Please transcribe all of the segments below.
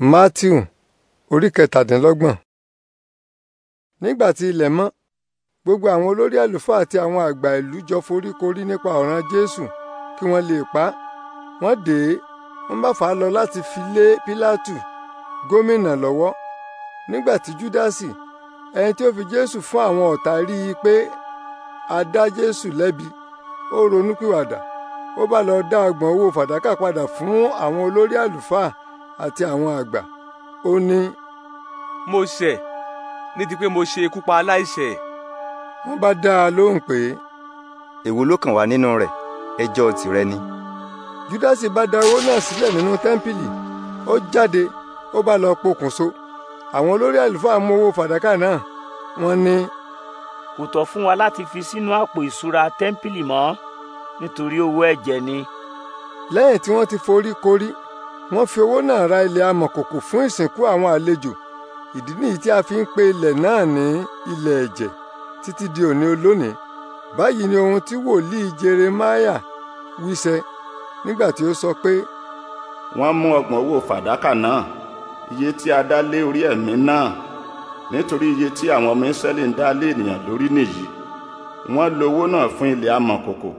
Matthew, orí kẹtàdínlọ́gbọ̀n. Nígbà tí ilẹ̀ mọ́, gbogbo àwọn olórí àlùfáà àti àwọn àgbà ìlú jọ foríkorí nípa ọ̀ràn Jésù kí wọ́n lè pa á. Wọ́n dè é, wọ́n bá fà á lọ láti fi lé Pílátù, gómìnà lọ́wọ́. Nígbà tí Júdásì, ẹni tí ó fi Jésù fún àwọn ọ̀tá rí i pé a dá Jésù lẹ́bi, ó ronúpìwàdà, ó bá lọ dá ọgbọ̀n owó fàdákà padà fún àwọn olórí àlùfáà àti àwọn àgbà ó ní. mo ṣẹ̀ ní ti pé mo ṣe ikú pa aláìṣẹ̀. wọ́n bá dá a lóhùn pé. èwo ló kàn wá nínú rẹ̀ ẹjọ́ tìrẹ ni. júdásì bá da owó náà sílẹ̀ nínú tẹ́ḿpìlì ó jáde ó bá lọ pokùnso àwọn olórí àlùfáà mú owó fàdákà náà wọ́n ní. kò tọ́ fún wa láti fi sínú àpò ìṣúra tẹ́ḿpìlì mọ́ nítorí owó ẹ̀jẹ̀ ni. lẹ́yìn tí wọ́n ti forí korí wọ́n fi owó náà ra ilẹ̀ amọ̀kòkò fún ìsìnkú àwọn àlejò ìdí nìyí tí a fi ń pe ilẹ̀ náà ní ilẹ̀ ẹ̀jẹ̀ títí di òní olónìí báyìí ni ohun tí wòlíì jeremáyà wíṣẹ nígbà tí ó sọ pé. wọ́n mú ọgbọ̀n owó fàdákà náà iye tí a dá lé orí ẹ̀mí náà nítorí iye tí àwọn ọmọ ìsẹ́lẹ̀ ń dá lé ènìyàn lórí nìyí wọ́n lo owó náà fún ilẹ̀ amọ̀kòkò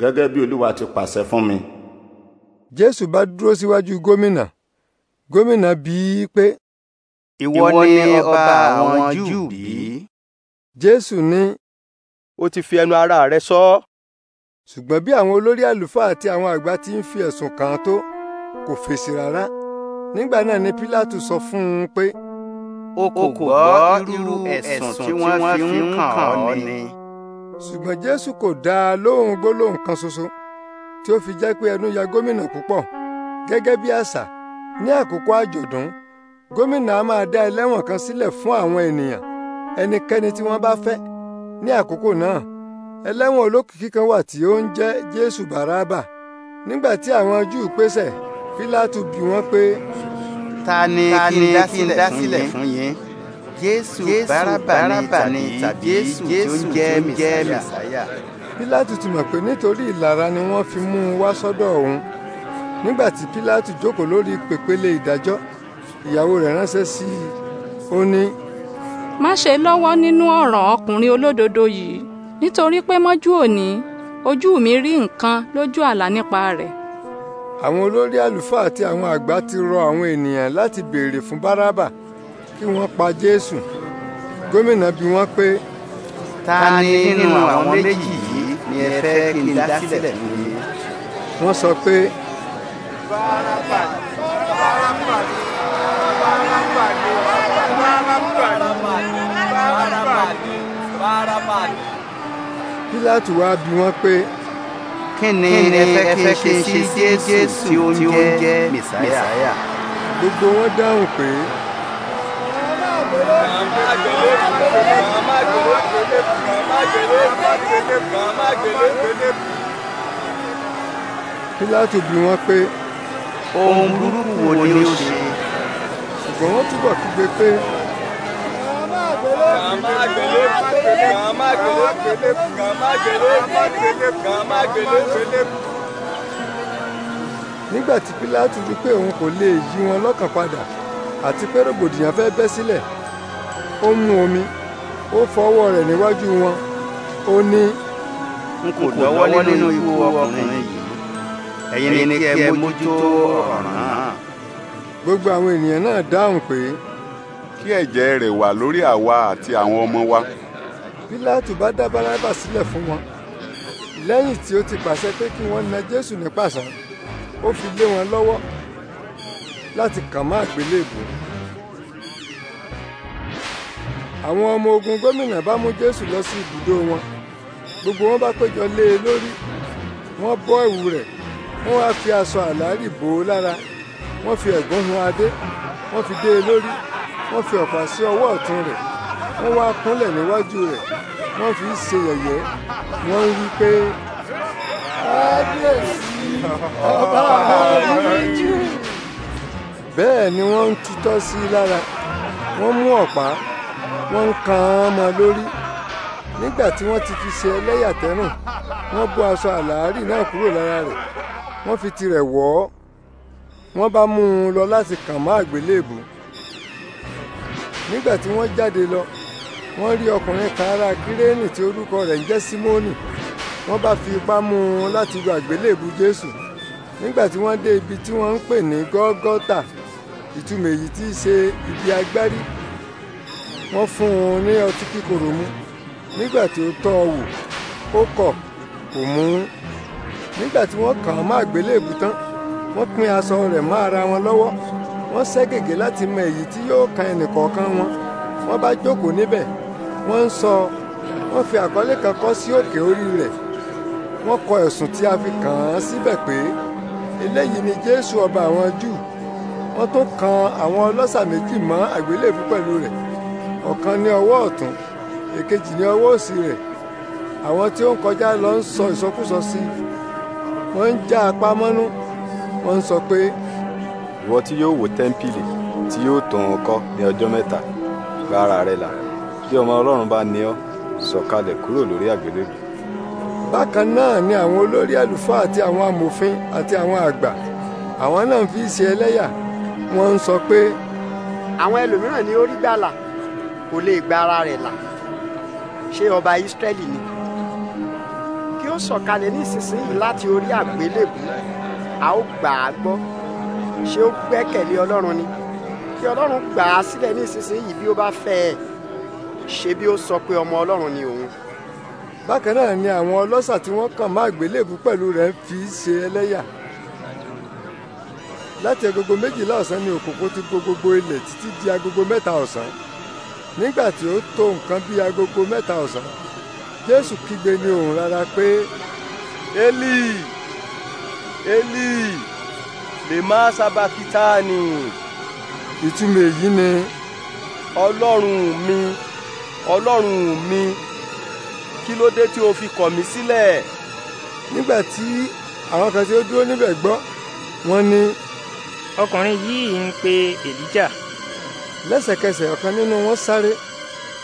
gẹ́gẹ́ bí olúwa ti pàṣẹ fún mi. Jésù bá dúró síwájú gómìnà gómìnà bi í pé. ìwọ ni ọba àwọn Júù bí? Jésù ní. ó ti fi ẹnu ara rẹ̀ sọ ọ́. ṣùgbọ́n bí àwọn olórí àlùfáà àti àwọn àgbà ti ń fi ẹ̀sùn kàn án tó kò fèsì rárá nígbà náà ni Pílátù sọ fún un pé. o kò gbọ́ irú ẹ̀sùn tí wọ́n fi ń kàn ọ́ ni. ṣùgbọ́n Jésù kò dá a gbólóhùn kan ṣoṣo. So -so tí ó fi jẹ́ pé ẹnu ya gómìnà púpọ̀ gẹ́gẹ́ bí àṣà ní àkókò àjọ̀dún gómìnà a máa dá ẹlẹ́wọ̀n kan sílẹ̀ fún àwọn ènìyàn ẹnikẹ́ni tí wọ́n bá fẹ́ ní àkókò náà ẹlẹ́wọ̀n olókìkí kan wà tí ó ń jẹ́ Jésù Bàrábà nígbà tí àwọn Júù pèsè Pílátù bi wọ́n pé. ta ni kí n dá sílẹ̀ fún yín Jésù Bàrábà ni tàbí Jésù tí ó ń jẹ́ Mèsáyà pílátù ti mọ̀ pé nítorí ìlara ni wọ́n fi mú un wá sọ́dọ̀ òun nígbà tí pílátù jókòó lórí pèpéle ìdájọ́ ìyàwó rẹ̀ ránṣẹ́ sí i ó ní. má ṣe lọ́wọ́ nínú ọ̀ràn ọkùnrin olódodo yìí nítorí pé mọ́jú òní ojú mi rí nǹkan lójú àlá nípa rẹ̀. àwọn olórí àlùfáà àti àwọn àgbà ti rọ àwọn ènìyàn láti béèrè fún bárábà kí wọ́n pa jésù gómìnà bi wọ́n pé. ta ni nínú àwọn méjì yìí ni ẹ fẹ́ kí n dá fún mi. wọ́n sọ pé. báràbà báràbà bi wọ́n pé. kí ni ẹ fẹ́ kí n ṣe sí jésù tí ó ń jẹ́ mẹ̀sáyà. gbogbo wọn dáhùn pé. Pílátù bi wọ́n pé ohun burúkú wo ni ó ṣe ṣùgbọ́n wọ́n túbọ̀ kígbe pé nígbà tí Pílátù rí pé òun kò lè yí wọn lọ́kàn padà àti pé rògbòdìyàn fẹ́ bẹ́ sílẹ̀ ó mu omi ó fọwọ́ rẹ̀ níwájú wọn ó ní. n kò dọ́wọ́ nínú ikú ọkùnrin yìí ẹ̀yin ni kí ẹ mójútó ọ̀ràn náà. gbogbo àwọn ènìyàn náà dáhùn pé. kí ẹ̀jẹ̀ rẹ̀ wà lórí àwa àti àwọn ọmọ wa. pílátù bá dá bárábà sílẹ̀ fún wọn lẹ́yìn tí ó ti pàṣẹ pé kí wọ́n na jésù ní pàṣán ó fi lé wọn lọ́wọ́ láti kàn má àgbélébùú àwọn ọmọ ogun gómìnà bá mú jésù lọ sí ibùdó wọn gbogbo wọn bá péjọ lé e lórí wọn bọ́ ẹ̀wù rẹ̀ wọ́n wá fi aṣọ àlárì bò ó lára wọ́n fi ẹ̀gbọ́n hun adé wọ́n fi dé e lórí wọ́n fi ọ̀pá sí ọwọ́ ọ̀tún rẹ̀ wọ́n wá kúnlẹ̀ níwájú rẹ̀ wọ́n fi ṣe yẹ̀yẹ́ wọ́n ń wí pé. bẹ́ẹ̀ ni wọ́n ń tutọ́ sí i lára wọ́n mú ọ̀pá wọ́n ń kan án mọ́ lórí nígbà tí wọ́n ti fi ṣe ẹlẹ́yàtẹ́rùn wọ́n bó aṣọ àlàárì náà kúrò lára rẹ̀ wọ́n fi tirẹ̀ wọ̀ ọ́ wọ́n bá mú un lọ láti kàn mọ́ àgbélébùú nígbà tí wọ́n jáde lọ wọ́n rí ọkùnrin kan ará kírénì tí orúkọ rẹ̀ ń jẹ́ símónì wọ́n bá fi ipá mú un láti lu àgbélébùú jésù nígbà tí wọ́n dé ibi tí wọ́n ń pè ní gọ́gọ́tà ìtumọ̀ èyí tí í ṣe ibi agbárí wọ́n fún un ní ọtí kíkorò mu nígbà tí ó tọ́ ọ wò ó kọ̀ kò mú un nígbà tí wọ́n kàn án má àgbélébù tán wọ́n pín aṣọ rẹ̀ mọ́ ara wọn lọ́wọ́ wọ́n ṣẹ́ gègé láti mọ èyí tí yóò kan ẹnìkọ̀ọ̀kan wọn wọ́n bá jókòó níbẹ̀ wọ́n ń sọ wọ́n fi àkọlé kan kọ́ sí òkè orí rẹ̀ wọ́n kọ ẹ̀sùn tí a fi kàn án síbẹ̀ pé eléyìí ni jésù ọba àwọn júù wọ́n tún kan àwọn ọlọ́ṣà méjì mọ́ àgbélébù pẹ̀lú rẹ̀ ọ̀kan ní ọwọ́ ọ̀tún èkejì ní ọwọ́ òsì rẹ̀ àwọn tí ó ń kọjá lọ ń sọ ìsọkúsọ sí i wọ́n ń já apá mọ́nú wọ́n ń sọ pé. ìwọ tí yóò wó tẹ́ḿpìlì tí yóò tún un ní ọjọ́ mẹ́ta gba rẹ là bí ọmọ ọlọ́run bá ní ọ sọ̀kalẹ̀ kúrò lórí àgbélébù. bákan náà ni àwọn olórí àlùfáà àti àwọn amòfin àti àwọn àgbà àwọn náà fi ṣe ẹlẹ́yà wọ́n ń sọ pé. àwọn ẹlòmíràn ni ó rí gbàlà kò lè gba ara rẹ̀ là ṣé ọba Ísírẹ́lì ni kí ó sọ̀kalẹ̀ nísinsìnyí láti orí àgbélébù a ó gbà á gbọ́ ṣé ó gbẹ́kẹ̀lé Ọlọ́run ni kí Ọlọ́run gbà á sílẹ̀ nísinsìnyí bí ó bá fẹ́ ẹ ṣe bí ó sọ pé ọmọ Ọlọ́run ni òun. bákan náà ni àwọn ọlọ́ṣà tí wọ́n kàn máa àgbélébù pẹ̀lú rẹ̀ fi ṣe ẹlẹ́yà láti agogo méjìlá ọ̀sán ni òkòkò ti gbogbo ilẹ̀ títí di agogo mẹ́ta ọ̀sán nígbà tí ó tó nǹkan bíi agogo mẹ́ta ọ̀sán jésù kígbe ní ohùn rara pé eli eli lè má sábàkítà ni. ìtumọ̀ èyí ni. ọlọ́run mi ọlọ́run mi kí ló dé tí o fi kọ̀ mí sílẹ̀. nígbà tí àwọn kan tí dúró níbẹ̀ gbọ́ wọ́n ní. ọkùnrin yìí ń pe èlíjà lẹ́sẹ̀kẹsẹ̀ ọ̀kan nínú wọn sáré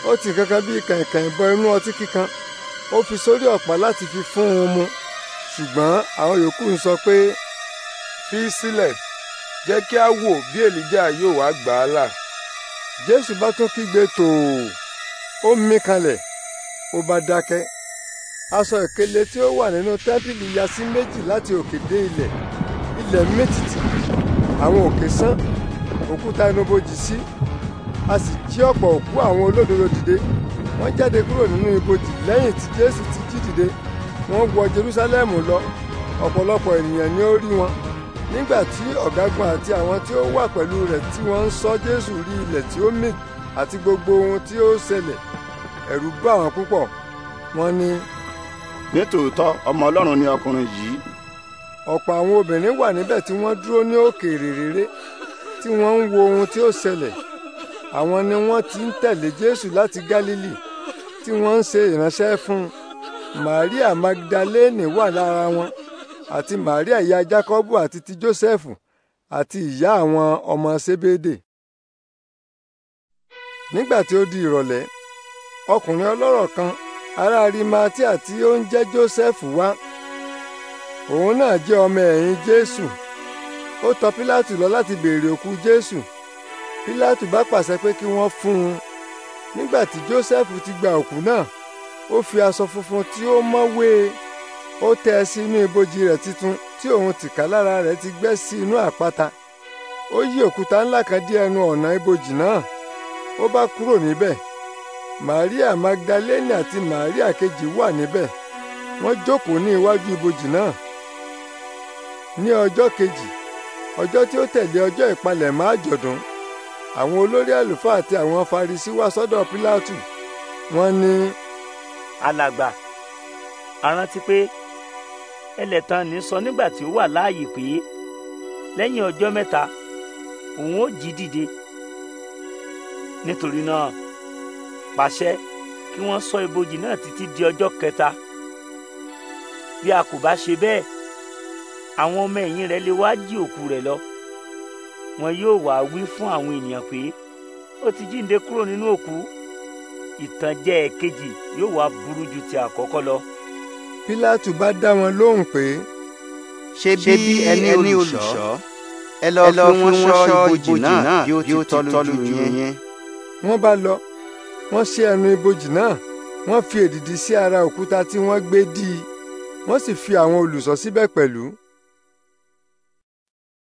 ó ti kankan bíi kàìnkàìn bọ inú ọtí kíkan ó fi sórí ọ̀pá láti fi fún un mu ṣùgbọ́n àwọn yòókù ń sọ pé. fi sílẹ̀ jẹ́ kí a wò bí èlíjà yóò wá gbà á là. jésù bá tún kígbe tòò ó mí kanlẹ̀ ó bá dákẹ́ aṣọ ìkélé tí ó wà nínú tẹ́ḿpìlì ya sí méjì láti òkè dé ilẹ̀ ilẹ̀ mì àwọn òkè sán òkúta inú bojì sí a sì jí ọ̀pọ̀ òkú àwọn olódodo dìde wọ́n jáde kúrò nínú ibojì lẹ́yìn tí jésù ti jí dìde wọ́n wọ jerúsálẹ́mù lọ ọ̀pọ̀lọpọ̀ ènìyàn ni ó rí wọn nígbà tí ọ̀gágun àti àwọn tí ó wà pẹ̀lú rẹ̀ tí wọ́n ń sọ jésù rí ilẹ̀ tí ó mì àti gbogbo ohun tí ó ṣẹlẹ̀ ẹ̀rù bá wọn púpọ̀ wọ́n ní. nítòótọ́ ọmọ ọlọ́run ni ọkùnrin yìí. ọ̀pọ̀ àwọn obìnrin wà níbẹ̀ tí wọ́n dúró ní òkèèrè réré tí wọ́n ń wo ohun tí ó ṣẹlẹ̀ àwọn ni wọ́n ti ń tẹ̀lé Jésù láti Gálílì tí wọ́n ń ṣe ìránṣẹ́ fún un Magdalene wà lára wọn àti Màríà ìyá Jákọ́bù àti ti Jósẹ́fù àti ìyá àwọn ọmọ Sébédè. nígbà tí ó di ìrọ̀lẹ́ ọkùnrin ọlọ́rọ̀ kan ará Arimatia tí ó ń jẹ́ Jósẹ́fù wá òun náà jẹ́ ọmọ ẹ̀yìn Jésù ó tọ̀ Pílátù lọ láti béèrè òkú Jésù pílátù bá pàṣẹ pé kí wọ́n fún un nígbà tí jósẹ́fù ti gba òkú náà ó fi aṣọ funfun tí ó mọ́wé e. ó tẹ́ ẹ sí inú ibojì rẹ̀ titun tí òun tìkálára rẹ̀ ti gbẹ́ sí inú àpáta ó yí òkúta ńlá kan dí ẹnu ọ̀nà ibojì náà ó bá kúrò níbẹ̀ maria magdalene àti maria kejì wà níbẹ̀ wọ́n jókòó ní iwájú ibojì náà ní ọjọ́ kejì ọjọ́ tí ó tẹ̀lé ọjọ́ ìpalẹ̀mọ́ àjọ̀dún àwọn olórí àlùfáà àti àwọn farisi wá sọ́dọ̀ pílátù wọ́n ní. alàgbà a rántí pé ẹlẹ́tàn ní sọ nígbà tí ó wà láàyè pé lẹ́yìn ọjọ́ mẹ́ta òun ó jí dìde nítorí náà pàṣẹ kí wọ́n ṣọ́ ibojì náà títí di ọjọ́ kẹta bí a kò bá ṣe bẹ́ẹ̀ àwọn ọmọ ẹ̀yìn rẹ̀ lè wá jí òkú rẹ̀ lọ wọn yóò wá wí fún àwọn ènìyàn pé ó ti jíǹde kúrò nínú òkú ìtànjẹ ẹ̀kejì yóò wá burú ju ti àkọ́kọ́ lọ. pílátù bá dá wọn lóhùn pé. ṣé bí ẹni olùṣọ́ ẹ lọ fún wọn ṣọ́ ibojì náà bí ó ti tọ́lu ju yẹn. wọ́n bá lọ wọ́n ṣí ẹnu ibojì náà wọ́n fi èdìdì sí ara òkúta tí wọ́n gbé dí i wọ́n sì fi àwọn olùṣọ́ síbẹ̀ pẹ̀lú.